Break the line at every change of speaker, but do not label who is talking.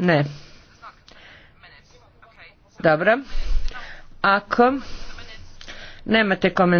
Ne. Dobro. Ako nemate
komentara